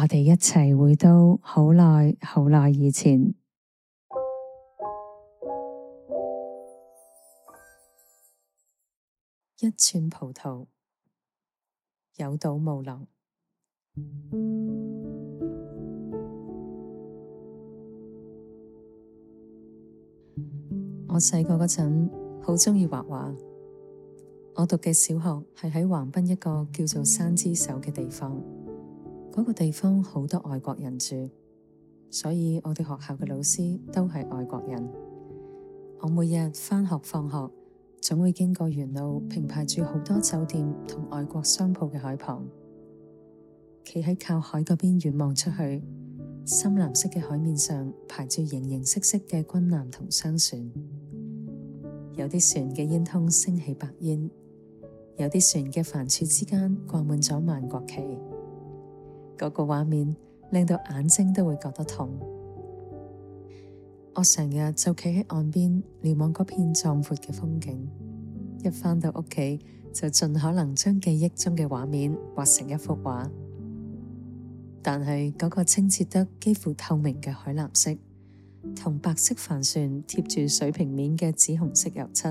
我哋一齊回到好耐好耐以前，一串葡萄有 𡷊 武郎。 我細個嗰陣好鍾意畫畫，我讀嘅小學係喺橫濱一個叫做山之手嘅地方。嗰個地方好多外國人住，所以我哋學校嘅老師都係外國人。我每日返學放學，總會經過沿路平排住好多酒店同外國商鋪嘅海旁。企喺靠海嗰邊遠望出去，深藍色嘅海面上排住形形色色嘅軍艦同商船，有啲船嘅煙囪升起白煙，有啲船嘅帆柱之間掛滿咗萬國旗。嗰個畫面令到眼睛都會覺得痛。我成日就企喺岸邊瞭望嗰片壯闊嘅風景，一返到屋企就盡可能將記憶中嘅畫面畫成一幅畫。但係嗰、那個清澈得幾乎透明嘅海藍色，同白色帆船貼住水平面嘅紫紅色油漆，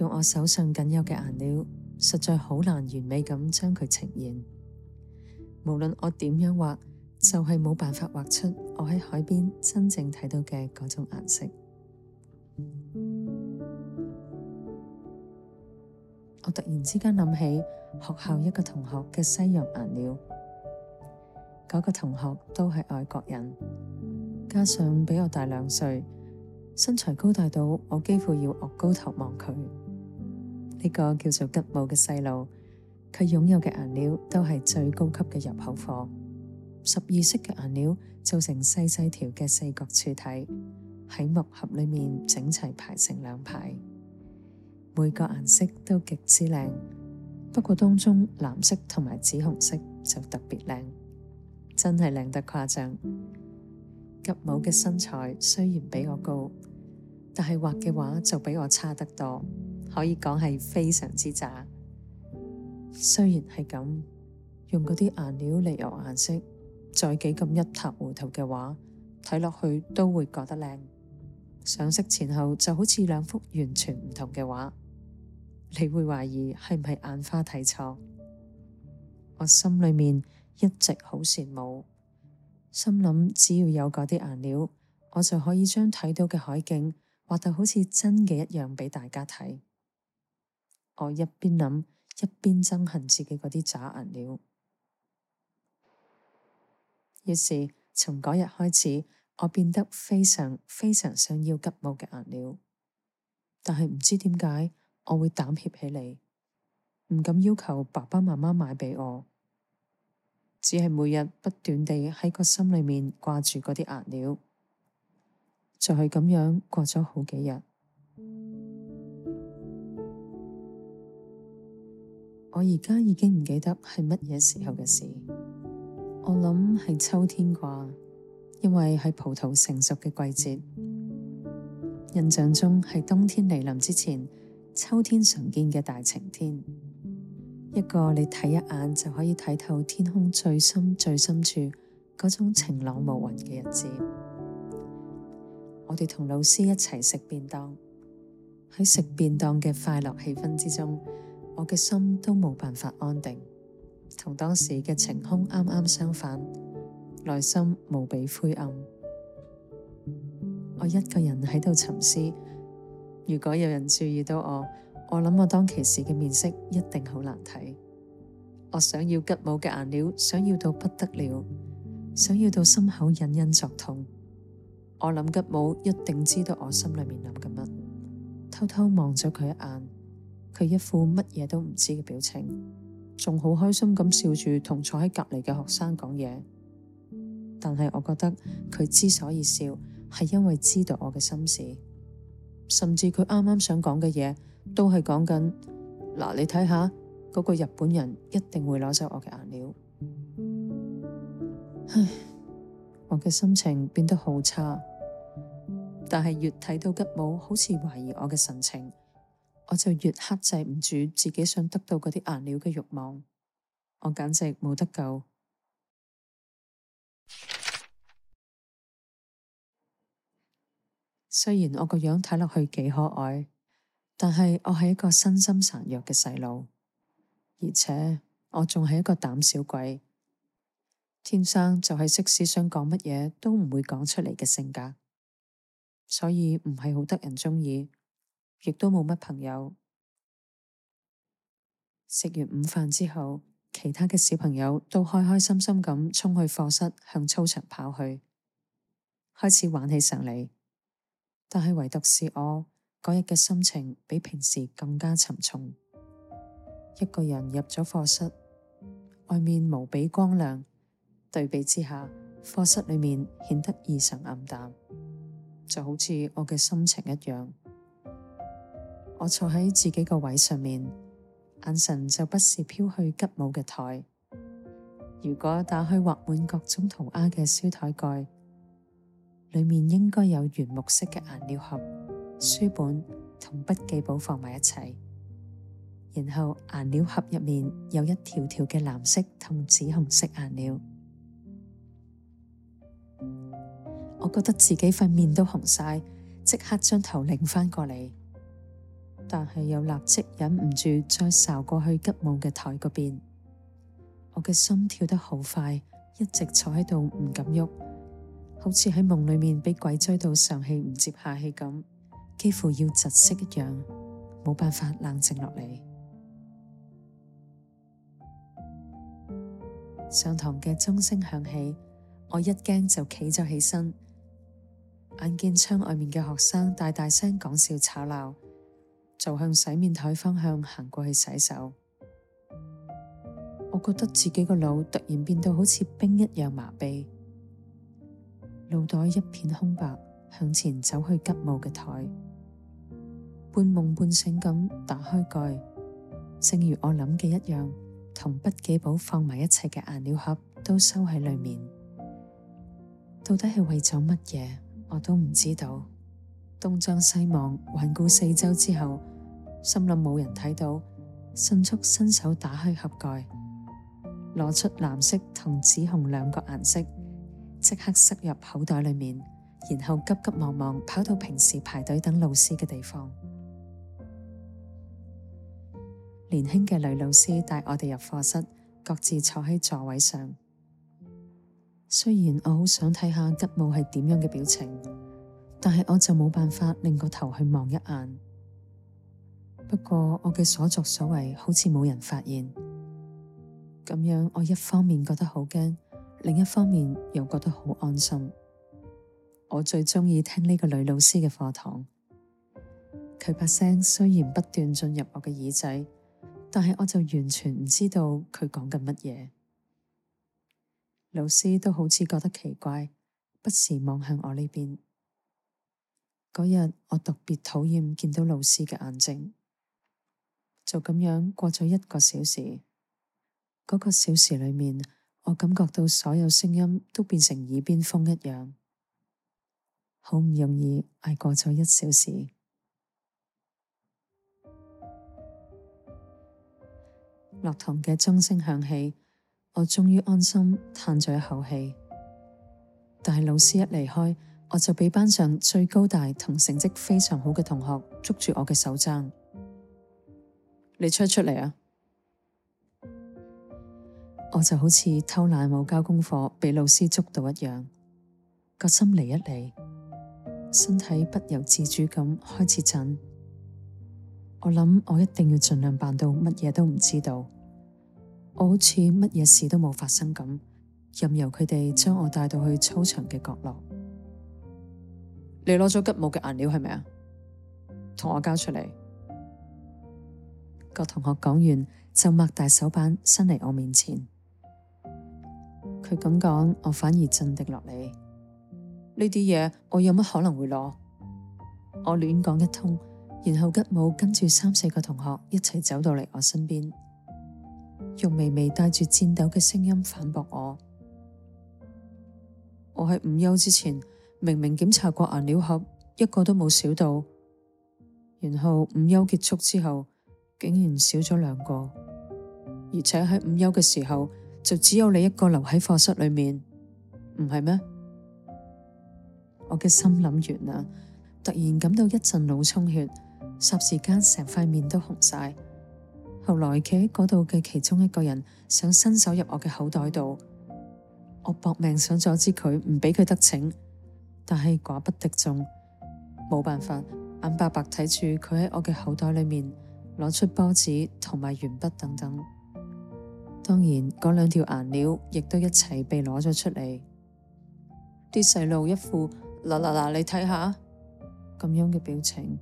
用我手上僅有嘅顏料，實在好難完美咁將佢呈現。無論我點樣畫，就係、是、冇辦法畫出我喺海邊真正睇到嘅嗰種顏色。 我突然之間諗起學校一個同學嘅西洋顏料，嗰、那個同學都係外國人，加上比我大兩歲，身材高大到我幾乎要昂高頭望佢。呢、這個叫做吉姆嘅細路。佢擁有嘅顏料都係最高級嘅入口貨，十二色嘅顏料做成細細條嘅四角柱體，喺木盒裏面整齊排成兩排，每個顏色都極之靚。不過當中藍色同埋紫紅色就特別靚，真係靚得誇張。吉姆嘅身材雖然比我高，但係畫嘅畫就比我差得多，可以講係非常之渣。雖然係咁用嗰啲顏料嚟油顏色，再幾咁一塌糊塗嘅畫睇落去都會覺得靚。上色前後就好似兩幅完全唔同嘅畫，你會懷疑係唔係眼花睇錯。我心裏面一直好羨慕，心諗只要有嗰啲顏料，我就可以將睇到嘅海景畫到好似真嘅一樣俾大家睇。我一邊諗。一邊憎恨自己嗰啲假顏料，於是從嗰日開始，我變得非常非常想要吉姆嘅顏料，但係唔知點解我會膽怯起嚟，唔敢要求爸爸媽媽買俾我，只係每日不斷地喺個心裏面掛住嗰啲顏料，就係、是、咁樣過咗好幾日。我而家已經唔記得係乜嘢時候嘅事，我諗係秋天啩，因為係葡萄成熟嘅季節。印象中係冬天嚟臨之前，秋天常見嘅大晴天，一個你睇一眼就可以睇透天空最深最深處嗰種晴朗無雲嘅日子。我哋同老師一齊食便當，喺食便當嘅快樂氣氛之中。我嘅心都冇辦法安定，同當時嘅晴空啱啱相反，內心無比灰暗。我一個人喺度沉思，如果有人注意到我，我諗我當其時嘅面色一定好難睇。我想要吉姆嘅顏料，想要到不得了，想要到心口隱隱作痛。我諗吉姆一定知道我心裏面諗緊乜，偷偷望咗佢一眼。佢一副乜嘢都唔知嘅表情，仲好開心咁笑住同坐喺隔籬嘅學生講嘢。但係我覺得佢之所以笑，係因為知道我嘅心事，甚至佢啱啱想講嘅嘢都係講緊：「嗱，你睇下，嗰個日本人一定會攞走我嘅顏料。」唉，我嘅心情變得好差，但係越睇到吉姆好似懷疑我嘅神情。我就越克制唔住自己想得到嗰啲顏料嘅欲望，我簡直冇得救。 雖然我個樣睇落去幾可愛，但係我係一個身心孱弱嘅細路，而且我仲係一個膽小鬼，天生就係即使想講乜嘢都唔會講出嚟嘅性格，所以唔係好得人中意。亦都冇乜朋友。食完午飯之後，其他嘅小朋友都開開心心咁衝去課室，向操場跑去，開始玩起上嚟。但係唯獨是我，嗰日嘅心情比平時更加沉重。一個人入咗課室，外面無比光亮，對比之下，課室裏面顯得異常暗淡，就好似我嘅心情一樣。我坐喺自己個位上面，眼神就不時飄去吉姆嘅台。如果打開畫滿各種塗鴉嘅書台蓋，裏面應該有原木色嘅顏料盒、書本同筆記簿放埋一齊。然後顏料盒入面有一條條嘅藍色同紫紅色顏料。我覺得自己塊面都紅晒，即刻將頭擰翻過嚟。但係又立即忍唔住再睄過去吉姆嘅台嗰邊，我嘅心跳得好快，一直坐喺度唔敢喐，好似喺夢裏面俾鬼追到上氣唔接下氣咁，幾乎要窒息一樣，冇辦法冷靜落嚟。 上堂嘅鐘聲響起，我一驚就企咗起身，眼見窗外面嘅學生大大聲講笑吵鬧。就向洗面台方向行過去洗手，我覺得自己個腦突然變到好似冰一樣麻痹，腦袋一片空白，向前走去吉姆嘅台，半夢半醒咁打開蓋，正如我諗嘅一樣，同筆記簿放埋一齊嘅顏料盒都收喺裏面。到底係為咗乜嘢？我都唔知道。東張西望，環顧四周之後。心諗冇人睇到，迅速伸手打開盒蓋，攞出藍色同紫紅兩個顏色，即刻塞入口袋裏面，然後急急忙忙跑到平時排隊等老師嘅地方。年輕嘅女老師帶我哋入課室，各自坐喺座位上。雖然我好想睇下吉姆係點樣嘅表情，但係我就冇辦法擰個頭去望一眼。不過我嘅所作所為好似冇人發現，咁樣我一方面覺得好驚，另一方面又覺得好安心。我最中意聽呢個女老師嘅課堂，佢把聲雖然不斷進入我嘅耳仔，但係我就完全唔知道佢講緊乜嘢。老師都好似覺得奇怪，不時望向我呢邊。嗰日我特別討厭見到老師嘅眼睛。就咁樣過咗一個小時，嗰、那個小時裡面，我感覺到所有聲音都變成耳邊風一樣。好唔容易挨過咗一小時， 落堂嘅鐘聲響起，我終於安心嘆咗一口氣。但係老師一離開，我就俾班上最高大同成績非常好嘅同學捉住我嘅手踭。你出唔出嚟啊！我就好似偷懶冇交功課，被老師捉到一樣，個心離一離，身體不由自主咁開始震。我諗我一定要盡量辦到乜嘢都唔知道，我好似乜嘢事都冇發生咁，任由佢哋將我帶到去操場嘅角落。你攞咗吉姆嘅顏料係咪啊？同我交出嚟。個同學講完就擘大手板伸嚟，我面前，佢咁講，我反而鎮定落嚟。呢啲嘢我有乜可能會攞？我亂講一通，然後吉姆跟住三四個同學一齊走到嚟我身邊，用微微帶住顫抖嘅聲音反駁我：我喺午休之前明明檢查過顏料盒，一個都冇少到。然後午休結束之後。竟然少咗兩個，而且喺午休嘅時候就只有你一個留喺課室裏面，唔係咩？我嘅心諗完啦，突然感到一陣腦充血，霎時間成塊面都紅曬。後來企喺嗰度嘅其中一個人想伸手入我嘅口袋度，我搏命想阻止佢，唔畀佢得逞，但係寡不敵眾，冇辦法，眼白白睇住佢喺我嘅口袋裏面。攞出包紙同埋鉛筆等等，當然嗰兩條顏料亦都一齊被攞咗出嚟。啲細路一副嗱嗱嗱，你睇下咁樣嘅表情，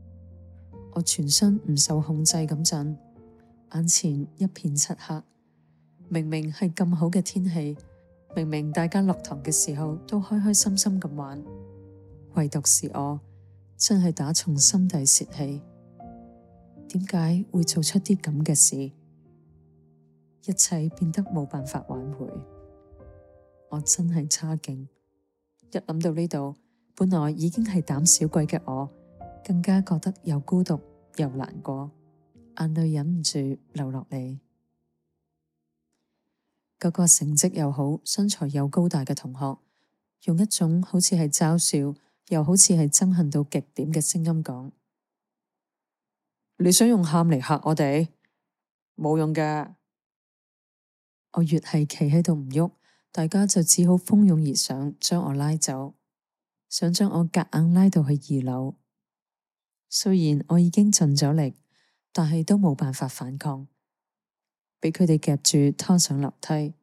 我全身唔受控制咁震，眼前一片漆黑。明明係咁好嘅天氣，明明大家落堂嘅時候都開開心心咁玩，唯獨是我真係打從心底泄氣。點解會做出啲咁嘅事？一切變得冇辦法挽回，我真係差勁。一諗到呢度，本來已經係膽小鬼嘅我，更加覺得又孤獨又難過，眼淚忍唔住流落嚟。個個成績又好、身材又高大嘅同學，用一種好似係嘲笑，又好似係憎恨到極點嘅聲音講。你想用喊嚟嚇我哋，冇用嘅。我越係企喺度唔喐，大家就只好蜂擁而上，將我拉走，想將我夾硬拉到去二樓。雖然我已經盡咗力，但係都冇辦法反抗，畀佢哋夾住，拖上樓梯。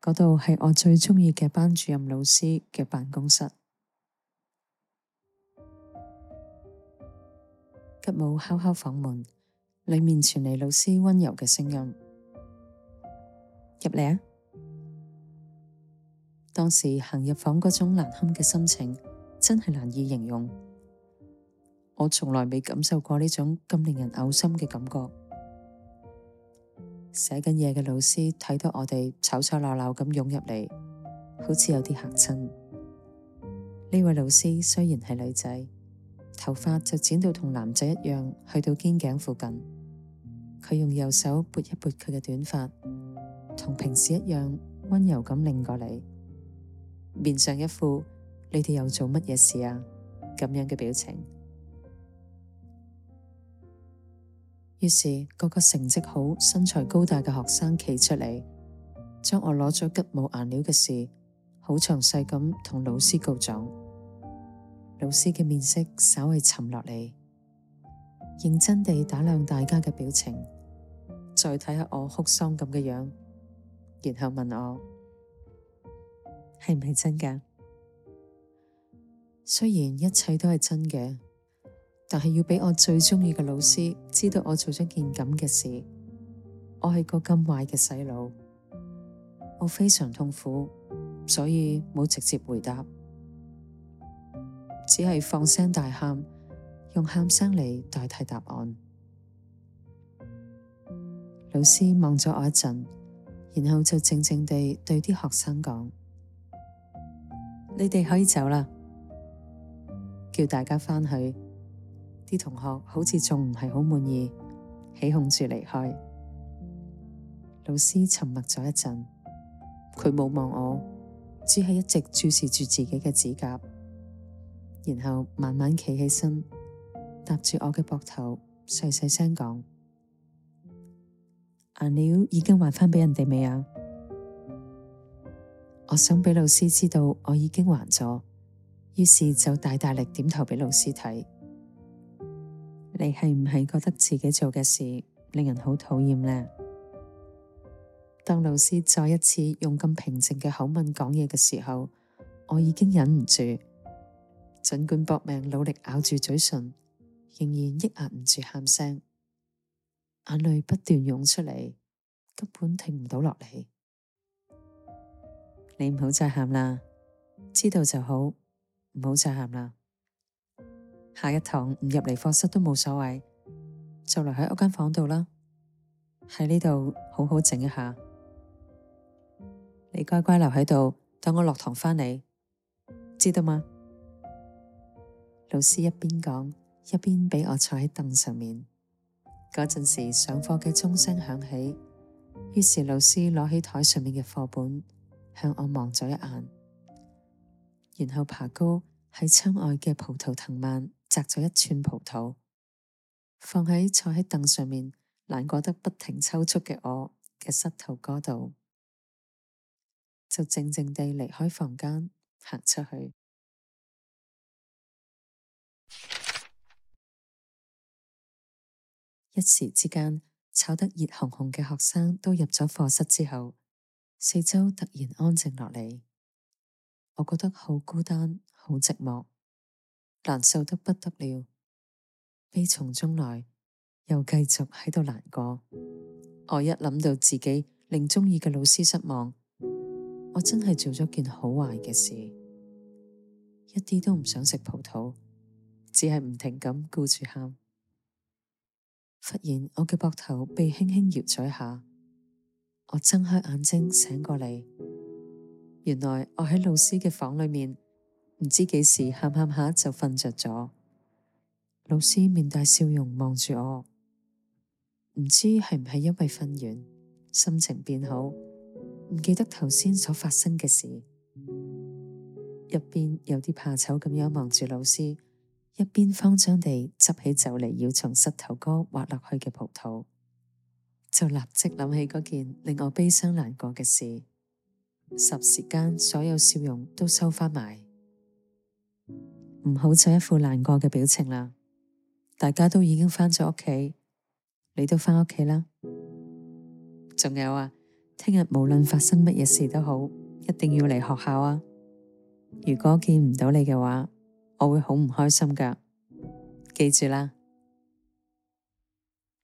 嗰度係我最鍾意嘅班主任老師嘅辦公室。吉母敲敲房門，裏面傳嚟老師溫柔嘅聲音：入嚟啊！當時行入房嗰種難堪嘅心情，真係難以形容。我從來未感受過呢種咁令人嘔心嘅感覺。寫緊嘢嘅老師睇到我哋吵吵鬧鬧咁湧入嚟，好似有啲吓親。呢位老師雖然係女仔，頭髮就剪到同男仔一樣，去到肩頸附近。佢用右手撥一撥佢嘅短髮，同平時一樣溫柔咁擰過嚟，面上一副你哋又做乜嘢事啊咁樣嘅表情。於是，個個成績好、身材高大嘅學生企出嚟，將我攞咗吉姆顏料嘅事，好詳細咁同老師告狀。老師嘅面色稍微沉落嚟，認真地打量大家嘅表情，再睇下我哭喪咁嘅樣，然後問我係唔係真嘅？雖然一切都係真嘅，但係要俾我最中意嘅老師知道我做咗件咁嘅事，我係個咁壞嘅細路，我非常痛苦，所以冇直接回答。只係放聲大喊，用喊聲嚟，代替答案。老師望咗我一陣，然後就靜靜地對啲學生講： 你哋可以走啦，叫大家返去。啲同學好似仲唔係好滿意，起哄住離開。老師沉默咗一陣，佢冇望我，只係一直注視住自己嘅指甲。然後慢慢企起身，搭住我嘅膊頭，細細聲講：顏料、啊、已經還返畀人哋未啊？我想畀老師知道我已經還咗，於是就大大力點頭畀老師睇。你係唔係覺得自己做嘅事令人好討厭呢？當老師再一次用咁平靜嘅口吻講嘢嘅時候，我已經忍唔住。盡管搏命努力咬住嘴唇，仍然抑壓唔住喊聲，眼淚不斷湧出嚟，根本停唔到落嚟。你唔好再喊啦，知道就好。唔好再喊啦，下一堂唔入嚟課室都冇所謂，就留喺屋間房度啦。喺呢度好好整一下，你乖乖留喺度，等我落堂返嚟，知道嗎？老師一邊講，一邊俾我坐喺凳上面。嗰陣時上課嘅鐘聲響起，於是老師攞起枱上面嘅課本，向我望咗一眼，然後爬高喺窗外嘅葡萄藤蔓摘咗一串葡萄，放喺坐喺凳上面難過得不停抽搐嘅我嘅膝頭哥度，就靜靜地離開房間行出去。一時之間，炒得熱烘烘嘅學生都入咗課室之後，四周突然安靜落嚟。我覺得好孤單，好寂寞，難受得不得了，悲從中來，又繼續喺度難過。我一諗到自己令中意嘅老師失望，我真係做咗件好壞嘅事，一啲都唔想食葡萄，只係唔停咁顧住喊。忽然，我嘅膊頭被輕輕搖拽下，我睜開眼睛醒過嚟，原來我喺老師嘅房裏面，唔知幾時喊喊下就瞓着咗。老師面帶笑容望住我，唔知係唔係因為瞓完心情變好，唔記得頭先所發生嘅事，入邊有啲怕醜咁樣望住老師。一邊慌張地執起就嚟要從膝頭哥滑落去嘅葡萄，就立即諗起嗰件令我悲傷難過嘅事，霎時間所有笑容都收返埋，唔好 再一副難過嘅表情啦。大家都已經返咗屋企，你都返屋企啦。仲有啊，聽日無論發生乜嘢事都好，一定要嚟學校啊！如果見唔到你嘅話，我會好唔開心噶，記住啦！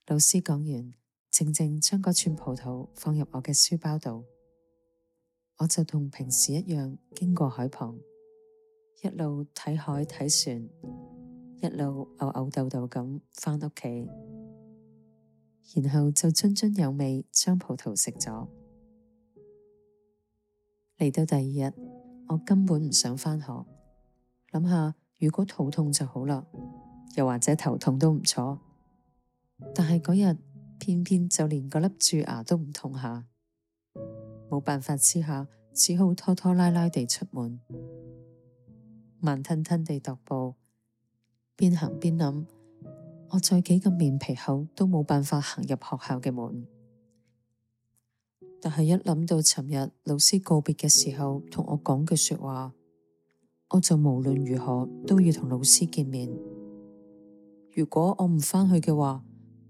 老師講完，靜靜將嗰串葡萄放入我嘅書包度，我就同平時一樣經過海旁，一路睇海睇船，一路嘔嘔豆豆咁返屋企，然後就津津有味將葡萄食咗。嚟到第二日，我根本唔想返學，諗下。如果肚痛就好啦，又或者頭痛都唔錯。但係嗰日偏偏就連嗰粒蛀牙都唔痛下，冇辦法之下，只好拖拖拉拉地出門，慢吞吞地踱步，邊行邊諗：我再幾咁面皮厚，都冇辦法行入學校嘅門。但係一諗到尋日老師告別嘅時候同我講嘅說話。我就無論如何都要同老師見面。如果我唔返去嘅話，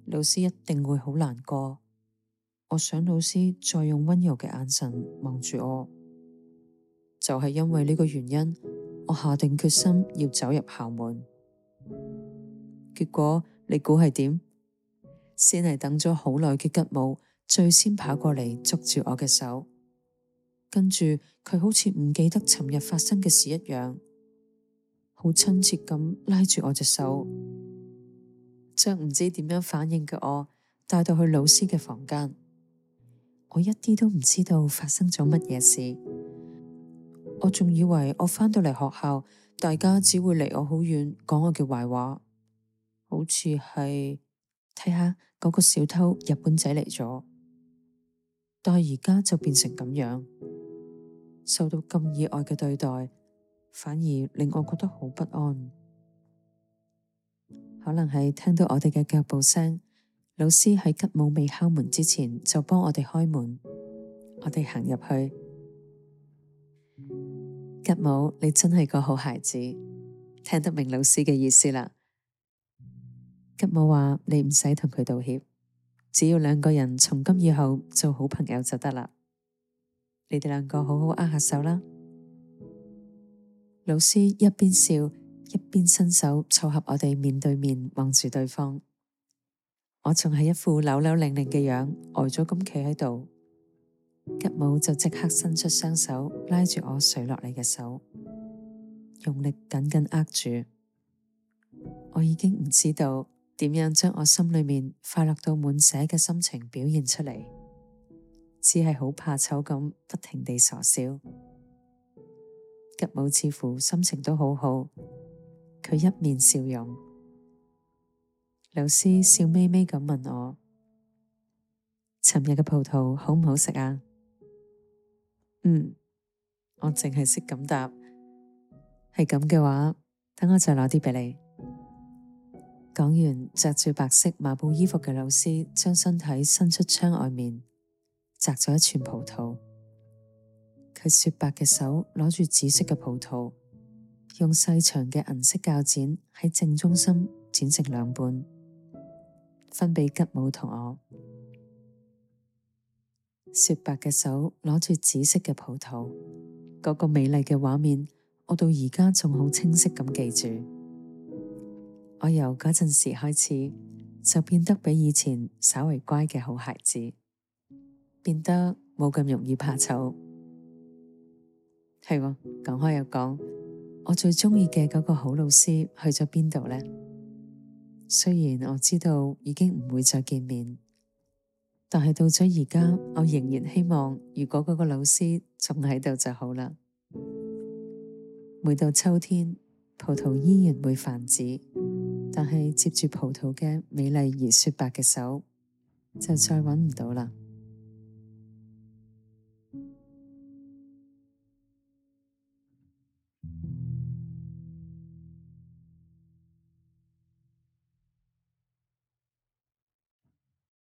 老師一定會好難過。我想老師再用溫柔嘅眼神望住我，就係因為呢個原因，我下定決心要走入校門。結果你估係點？先係等咗好耐嘅吉姆，最先跑過嚟捉住我嘅手。跟住佢好似唔記得尋日發生嘅事一樣，好親切咁拉住我隻手，將唔知點樣反應嘅我帶到去老師嘅房間。我一啲都唔知道發生咗乜嘢事，我仲以為我返到嚟學校，大家只會離我好遠，講我嘅壞話，好似係睇下嗰個小偷日本仔嚟咗，但係而家就變成咁樣。受到咁意外嘅對待，反而令我覺得好不安。可能係聽到我哋嘅腳步聲，老師喺吉母未敲門之前就幫我哋開門，我哋行入去。吉母，你真係個好孩子，聽得明老師嘅意思啦。吉母話：你唔使同佢道歉，只要兩個人從今以後做好朋友就得啦。你哋兩個好好握下手啦！老師一邊笑一邊伸手湊合我哋面對面望住對方，我仲係一副扭扭擰擰嘅樣，呆咗咁企喺度。吉姆就即刻伸出雙手拉住我垂落嚟嘅手，用力緊緊握住。我已經唔知道點樣將我心裏面快樂到滿寫嘅心情表現出嚟。只係好怕醜咁，不停地傻笑。吉姆似乎心情都好好，佢一面笑容。老師笑眯眯咁問我：尋日嘅葡萄好唔好食啊？嗯，我淨係識咁答。係咁嘅話，等我再攞啲畀你。講完，着住白色麻布衣服嘅老師將身體伸出窗外面。摘咗一串葡萄，佢雪白嘅手攞住紫色嘅葡萄，用細長嘅銀色鉸剪，喺正中心剪成兩半，分畀吉姆同我。雪白嘅手攞住紫色嘅葡萄，嗰個美麗嘅畫面，我到而家仲好清晰咁記住。我由嗰陣時開始，就變得比以前稍為乖嘅好孩子。變得冇咁容易怕醜，係喎，講開又講，我最鍾意嘅嗰個好老師去咗邊度呢？雖然我知道已經唔會再見面，但係到咗而家，我仍然希望如果嗰個老師仲喺度就好啦。每到秋天，葡萄依然會繁殖，但係接住葡萄嘅美麗而雪白嘅手就再揾唔到啦。